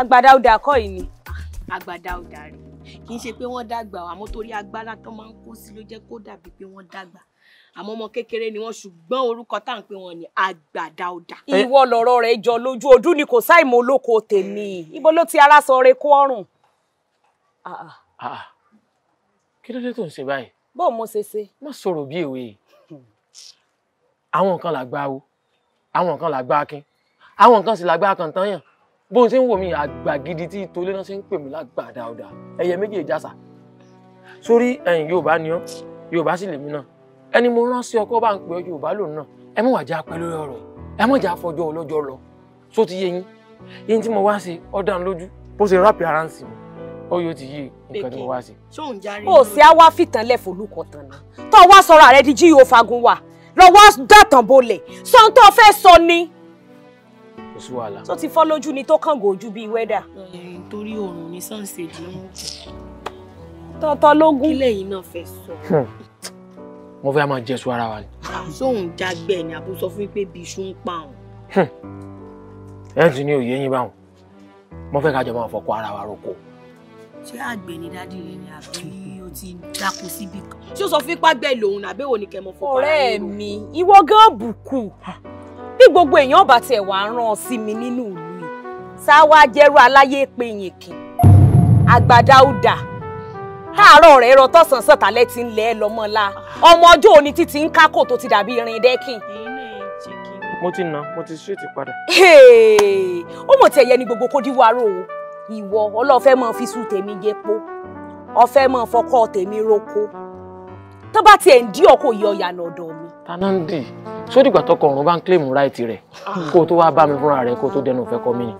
àgbàdá ọdà kọ́ yìí ni. àgbàdá ọdà rẹ kì í ṣe pé wọ́n dàgbà àmọ́ torí agbára tán máa ń kó sí ló jẹ́ kó dàbí pé wọ́n dàgbà àmọ́ ọmọ kékeré ni wọ́n ṣùgbọ́n orúkọ tá à ń pè wọ́n ní àgbàdá ọdà. ìwọ lọ̀rọ̀ rẹ̀ jọ lójú ọdún ni kò sáìmọ̀ olóko tèmi ibo ló ti ara sọ re kó ọrùn. Ah, ah. Ah, kí ló dé tó ń ṣe báyìí. bó mo ṣe ṣe. má sọ̀rọ̀ bí èwe àwọn kan làgbà o àwọn kan làgbà akin àwọn kan sì làgbà akantanyàn bóun ṣe ń wò mí àgbà gidi tí tolé náà ṣe ń pè mí lágbà dáadáa ẹyẹ méjì ìjàsà sórí ẹ̀yin yorùbá ni ọ yorùbá sì lèmi náà ẹni mo rán sí ọkọ bá ń pè ọ yorùbá lòun náà ẹ mọ̀ wàá já pẹ́ lórí ọ̀rọ̀ ẹ mọ̀ já fọjọ́ ọlọ́jọ́ lọ só ti yé yín yín tí mo wá ṣe ọ̀dàn lójú bó ṣe rápì ara ń sìn mí ó yóò ti yí nǹkan tí mo wá ṣe. ó sì á wá fìtàn lẹ́fọ̀ olùkọ́ tán náà tó wá sọ̀rọ̀ àrẹ di jíò fagun wà lọ́wọ́ kò sí wàhálà. tó ti fọ́ lójú ni tó kàn gòjú bíi wẹ́dà. torí oòrùn ní sànsèjì ń jù. tọ́tọ́ lógún. kí lẹ́yìn náà fẹ́ sọ. wọ́n hmm. fẹ́ máa jẹ́sùn ara wa ni. sóun jágbẹ́ ni àbó sọ fún mi pé bí iṣu ń pa òun. ẹ̀ ń tún ní òye yín báwọn mo fẹ́ ká jọ máa fọkọ ara wa roko. ṣé àgbẹ̀ ni dádì rẹ ni àbí o ti dáko síbi kan. ṣé o sọ fún ipá gbẹ lòun àbẹ́wò ni kẹmọ fọkọ ara rẹ. ọ̀rẹ́ mi ìwọ gan bùkù bí gbogbo èèyàn bá tiẹ̀ wá rán ọ sí mi nínú ìlú yìí sá wá jẹ́rú aláyé pé yìn kì àgbàdá ó dà káàárọ̀ rẹ̀ rọ tọ̀sán sọ̀tálẹ̀ ti ń lẹ́ ẹ lọ́mọ́lá ọmọ ọjọ́ òní títí ń kákò tó ti dàbí irin dẹ́kìn. mo ti nà mo ti ṣètì padà. ó mọ̀ tí ẹ̀yẹ ni gbogbo kó díwárò o ìwọ ọlọ́ọ̀fẹ́ máa fi sùn tèmi jẹ́ pọ́ ọ̀fẹ́ máa fọkọ́ tèmi roko tó bá tiẹ̀ ń dí ọkọ̀ yìí ọ̀yà mi tanandi sódìgbà tọkọ ọrùn bá ń kílèmù ráìtì rẹ kó o tó wá bá mi fúnra rẹ kó o tó dẹnu ìfẹ́ kọ mí ni.